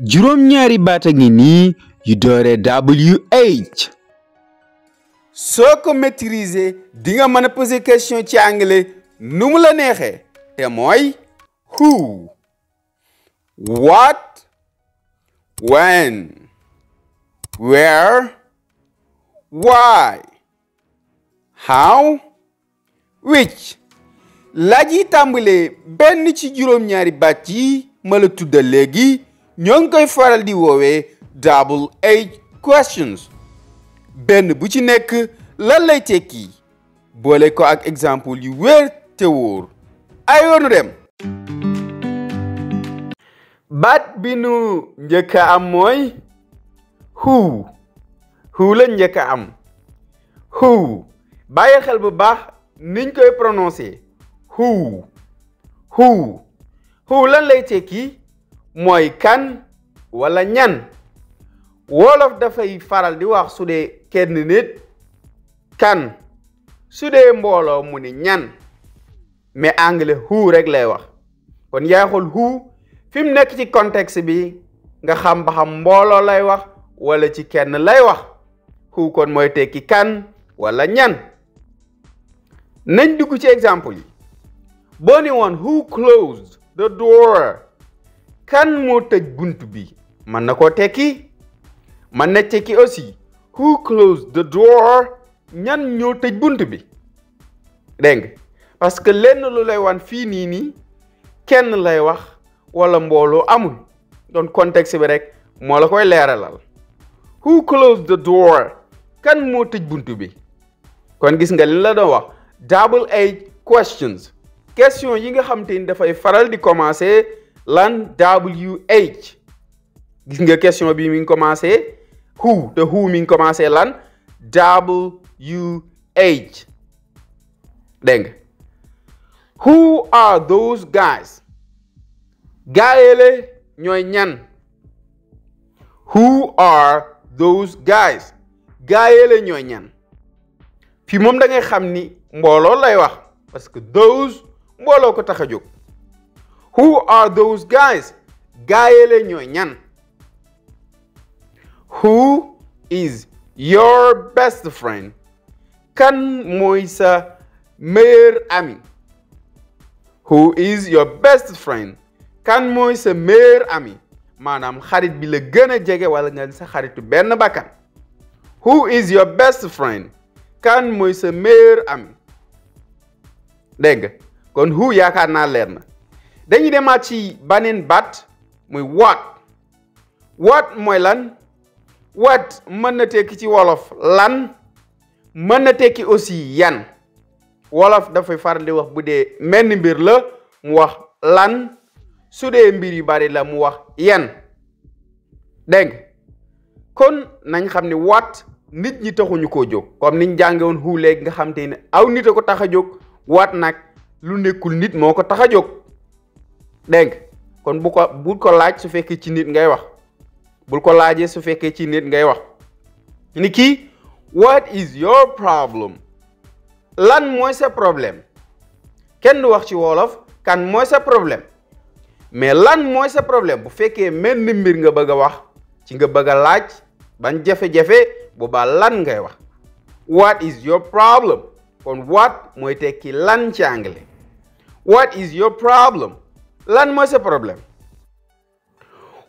juróom-ñaari baat a ngi nii yu dooree WH soo ko maîtriser dinga nga mën a poser question ci anglais nu mu la neexee te mooy who what when where why how which laaj yi tàmbalee benn ci juróom-ñaari baat yi ma la tudda léegi ñoo ngi koy faral di woowee double edge questions benn bu ci nekk lan lay tekki boole ko ak exemple yu wér te wóor ay yoonu dem baat bi nu njëkk a am mooy who who la njëkk a am who bàyyi xel bu baax niñ koy prononcé who who who lan lay tekki mooy kan wala ñan wolof dafay faral di wax su dee kenn nit kan su dee mbooloo mu ni ñan mais anglais who rekk lay wax kon yaay xool who fi mu nekk ci contexte bi nga xam ba xam mbooloo lay wax wala ci kenn lay wax who kon mooy tekki kan wala ñan nañ dugg ci exemple yi boo ni woon who closed the door kan mo tej bunt bi man nako teki man na teki aussi who closed the door ñan ñoo tej buntu bi Deng pas parce que lenn lu lay wan fi ni ni kenn lay wax wala mbolo amul don contexte bi rek mo la koy leralal who closed the door kan mo tej buntu bi kon gis nga li la wax double A questions question yi nga xam da fay faral di commencer lan WH gis nga question bi mi ngi commencé who te who mi ngi commencé lan WH dégg nga who are those guys gaayele ñooy ñan who are those guys gaayele ñooy ñan fii moom da ngay xam ni mbooloo lay wax parce que those mbooloo ko tax a jóg who are those guys gaayele ñooy ñan who is your best friend kan mooy sa meilleur ami who is your best friend kan mooy sa meilleur ami maanaam xarit bi la gën a jege wala nga sa xaritu benn bakkan who is your best friend kan mooy sa meilleur ami dégg nga kon who yaakaar naa leer na dañuy demaat ci baneen baat muy waat waat mooy lan waat mën na tekki ci wolof lan mën na tekki aussi yan wolof dafay faral di wax bu dee menn mbir la mu wax lan su dee mbir yu bari la mu wax yan dégg kon nañ xam ne waat nit ñi taxuñu koo jóg comme niñ jànge woon léegi nga xam te ne aw nit a ko tax a jóg waat nag lu nekkul nit moo ko tax a jóg dégg kon bu ko bu ko laaj su fekkee ci nit ngay wax bul ko laajee su fekkee ci nit ngay wax ni kii what is your problem lan mooy sa problème kenn du wax ci wolof kan mooy sa problème mais lan mooy sa problème bu fekkee mel mbir nga bëgg a wax ci nga bëgg laaj ban jafe-jafe bu ba lan ngay wax what is your problem kon what mooy tekki lan ci anglais what is your problem lan mooy sa problème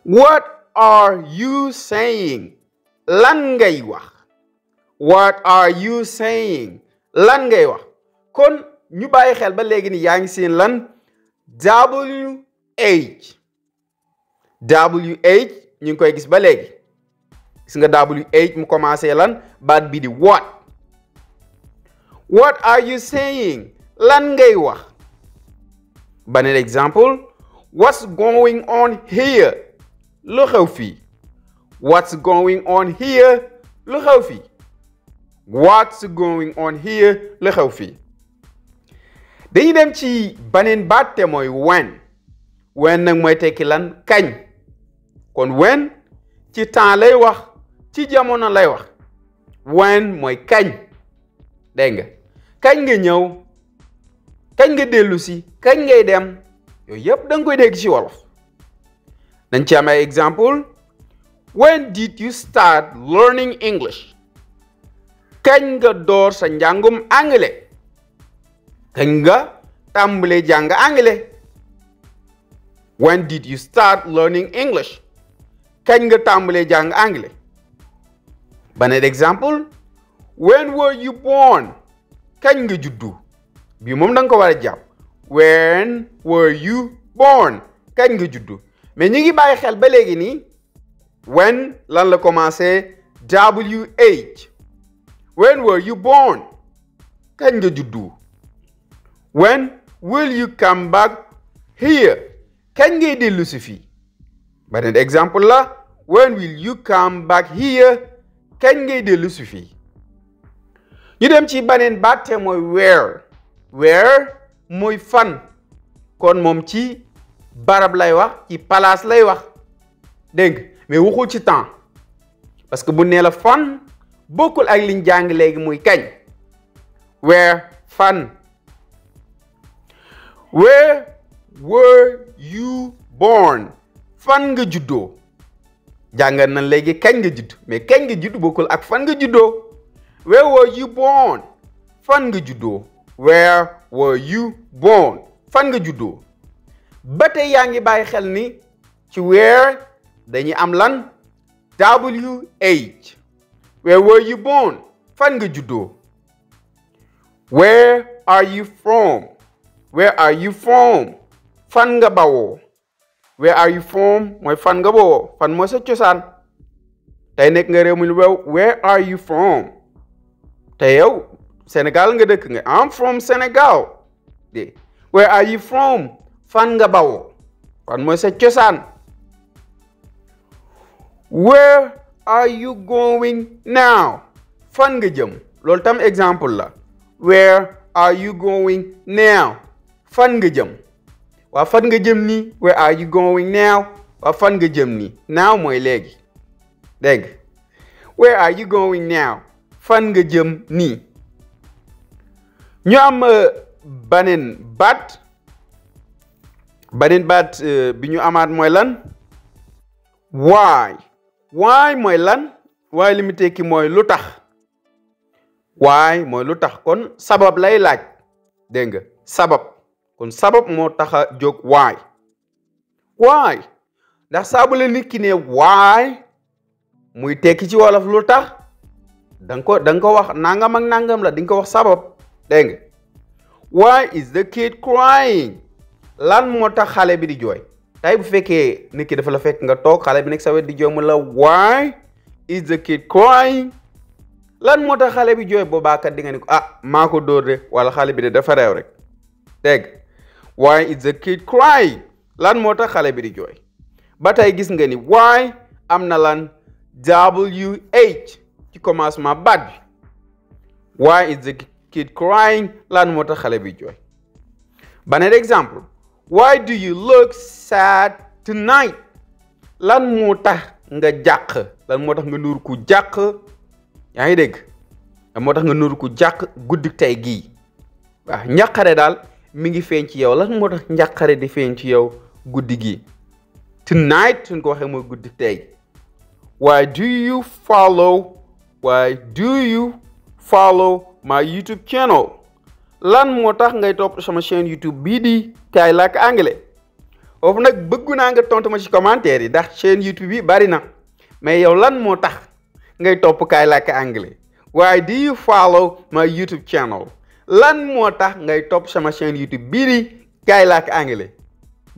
what are you saying lan ngay wax what are you saying lan ngay wax kon ñu bàyyi xel ba léegi ni yaa ngi seen lan WH WH ñu ngi koy gis ba léegi gis nga WH mu commencé lan baat bi di what what are you saying lan ngay wax bane exemple What's going on here? Luchofi. What's going on here? Luchofi. What's going on here? Luchofi. dañuy dem ci baneen baat te mooy when when nag mooy tekki lan kañ kon when ci temps lay wax ci jamono lay wax when mooy kañ dégg nga kañ nga ñëw kañ nga dellu si kañ ngay dem yooyu yëpp da nga koy dégg ci wolof dañ ci am ay exemple when did you start learning English kañ nga door sa njàngum anglais kañ nga tàmbalee jàng anglais when did you start learning English kañ nga tàmbalee jàng anglais beneen exemple when were you born kañ nga juddu bii moom da ko war a jàpp when were you born kañ nga juddu mais ñu ngi bàyyi xel ba léegi nii when lan la commencé WH when were you born kañ nga juddu when will you come back here kañ ngay dellu si fii beneen exemple la when will you come back here kañ ngay dellu si fii ñu dem ci beneen baat te mooy where where muy fan kon moom ci barab lay wax ci palaas lay wax dégg mais waxul ci temps parce que bu nee la fan bokkul ak liñ jàng léegi muy kañ where fan where were you born fan nga juddoo jàngal na léegi kañ nga judd mais kañ nga judd bokkul ak fan nga juddoo where were you born fan nga juddoo where were you born fan nga juddoo ba tey yaa ngi bàyyi xel ni ci where dañuy am lan wh where were you born fan nga juddoo where are you from where are you from fan nga bawoo where are you from mooy fan nga bawoo fan mooy sa cosaan tey nekk nga réew mi where are you from te yow senegal nga dëkk nga I'm from Sénégal de where are you from fan nga bawoo fan mooy sa cosaan where are you now fan nga jëm lool tam exemple la where are you going now fan nga jëm waa fan nga jëm nii where now waa fan jëm nii now mooy léegi dégg where are you going now fan nga jëm nii ñu am euh, beneen baat beneen baat euh, bi ñu amaat mooy lan waay waay mooy lan waay li mu tekki mooy lu tax waay mooy lu tax kon sabab lay laaj dégg nga sabab kon sabab moo taxa a jóg waay waay ndax saabu la nit ki waay muy tekki ci wolof lu tax da ko da ko wax nangam ak nangam la di nga ko wax sabab dégg nga why is the kid crying lan moo tax xale bi di jooy tey bu fekkee nit ki dafa la fekk nga toog xale bi nekk sa wet di jooy mu la why is the kid crying lan moo tax xale bi bo boobaakat di nga ni ko ah maa ko dóor de wala xale bi de dafa réew rek dégg why is the kid crying lan moo tax xale bi di jooy ba tey gis nga ni why am na lan wh ci commencement baat bi why is the kid crying lan moo tax xale bi jooy beneen exemple why do you look sad tonight lan moo tax nga jàq lan moo tax nga nuur ku jàq yaa ngi dégg lan moo tax nga nuur ku jàq guddi tey gii waaw njàqare daal mi ngi feeñ ci yow lan moo tax njàqare di feeñ ci yow guddi gi tonight suñ ko waxe mooy guddi tey why do you why do you follow my YouTube channel lan mo tax ngay top sama chaîne YouTube bi di kaay lak anglais Of nak bëggu naa nga tontu ma ci commentaire yi ndax chaîne YouTube bi bari na mais yow lan mo tax ngay top kay lak anglais Why do you follow my YouTube channel lan mo tax ngay top sama chaîne YouTube bi di kaay lak anglais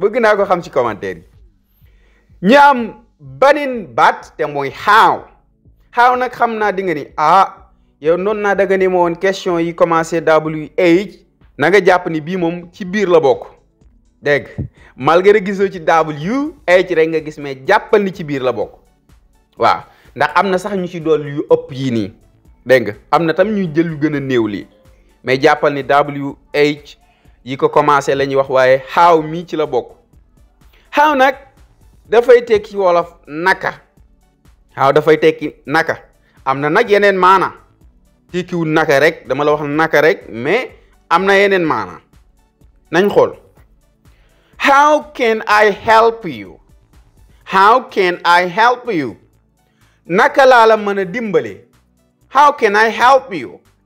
bëgg naa ko xam ci commentaire yi ñu am banin bat te moy how how nak xamna di nga ni ah yow non na daga ni mo won question yi commencer WH na nga japp ni bi mom ci bir la bok deg malgré giso ci WH rek nga gis mais jappal ni ci bir la bok wa ndax am na sax ñu ci dool yu upp yi ni deg amna am na tam ñu jël yu gëna neew li mais jappal ni WH yi ko commencer lañ wax waye how mi ci la bokk xaaw nag dafay tekki wolof naka xaaw dafay tekki naka am na yenen mana? tekkiwul naka rek dama la wax naka rek mais am na yeneen maana nañ xool how can I help you how naka laa la mën a dimbale how can I help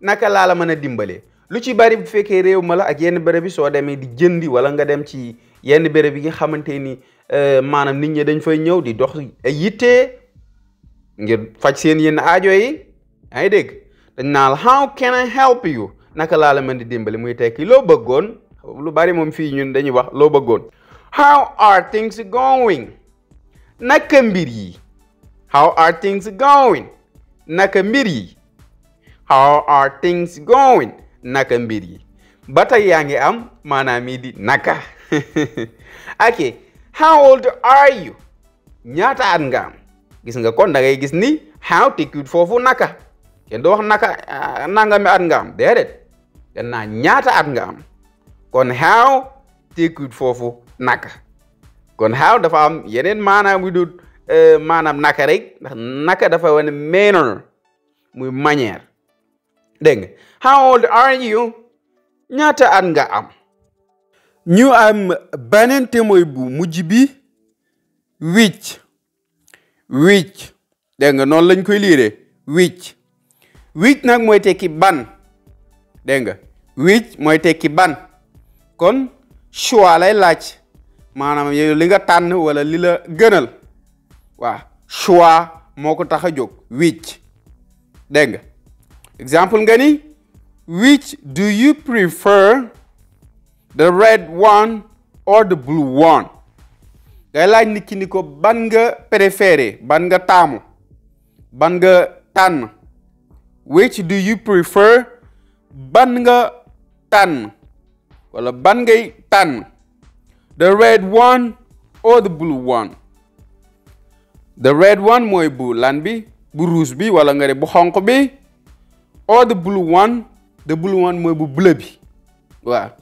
naka laa la mën a dimbale lu ci bari bu fekkee réew ma la ak yenn béréb yi soo demee di jëndi wala nga dem ci yenn béréb yi nga xamante ni euh, maanaam nit ñi dañ fay ñëw di dox yitte ngir faj seen yenn aajo yi yaa ngi dégg dañ naan how can naka laa la dimbali muy tekki loo bëggoon lu bari moom fii ñun dañuy wax loo bëggoon how are things going naka mbir yi how are things going naka mbir yi how mbir yi ba tey yaa ngi am maanaam mii di naka ok how old are you ñaata at nga am gis nga kon da ngay gis ni how tekkiwut foofu naka kenn du wax naka ah, nangami at nga am déedéet den naa ñaata at nga am kon how tekkiwut foofu naka kon how dafa am yeneen maanaam yu dul eh, maanaam naka rek ndax naka dafa wane meenol muy manière dégg nga how old are you ñaata at nga am ñu am beneen te mooy bu mujj bi which which dégg nga noonu lañ koy liire which wicc nak moy teki ban denga nga moy teki ban kon choix lay laaj manam li nga tan wala li la gënal wa choix moko taxa jog a Example example which do you prefer the red one or the blue one day laaj nit ki ko ban nga préférer ban nga tamu ban nga tan which do you prefer ban nga tànn wala ban ngay tànn the red one or the blue one the red one mooy bu lan bi bu rouge bi wala nga ne bu xonq bi or the blue one the blue one mooy bu bleu bi waaw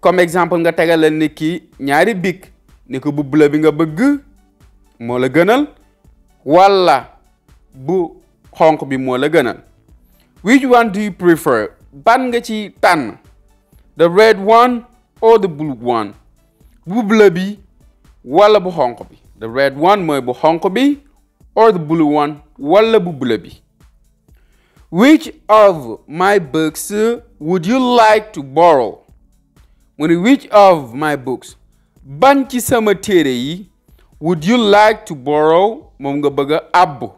comme exemple nga tegalal ni kii ñaari bic ni ko bu bleu bi nga bëgg moo la gënal walla bu xonq bi moo la gënal Which one do you prefer? ban nga ci tànn the red one or the blue one bu bi wala bu xonq bi the red one mooy bu xonq bi or the blue one wala bu bi which of my books would you like to borrow mu ne which of my books ban ci sama téere yi would you like to borrow moom nga bëgg a àbb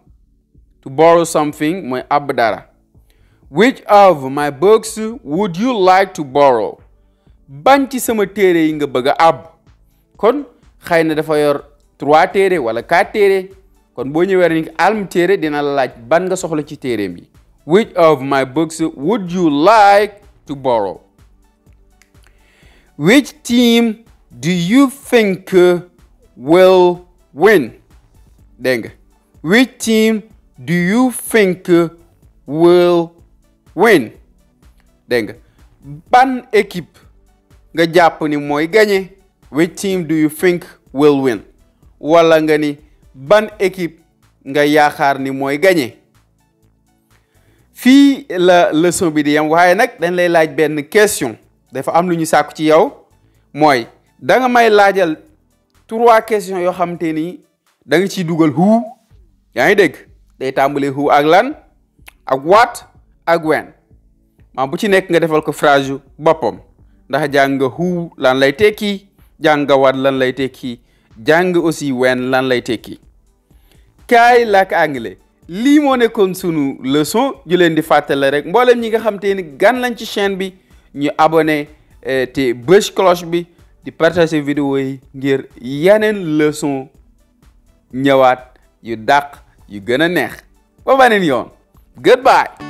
to borrow something mooy àbb dara Which of my books would you like to borrow ban ci sama téere yi nga bëgg a àbb kon xëy na dafa yor trois téere wala quatre téere kon boo ñëwee rek alm téere dina la laaj ban nga soxla ci téere bi which of my books would you like to borrow which team do you think will win dégg nga which team do you think will Wayne dégg nga ban équipe nga jàpp ni mooy gañe which team do you think will win wala nga ni ban équipe nga yaakaar ni mooy gañe fii la leçon bi yam waaye nag dañ lay laaj benn question dafa am lu ñu sàkku ci yow mooy da nga may laajal trois questions yoo xam te ni da nga ciy dugal who yaa ngi dégg day tàmbale who ak lan ak what ak when maa bu ci nekk nga defal ko phrase yu boppam ndax jàng nga lan lay tekki jàng nga lan lay tekki jàng aussi when lan lay tekki kay lakk anglais lii moo nekkoon sunu leçon ju leen di fàttale rek mboolem ñi nga xam te gan lañ ci chaîne bi ñu abone eh, te bës cloche bi di partager vidéo yi ngir yeneen leçon ñëwaat yu dàq yu gën a neex ba beneen yoon goodbye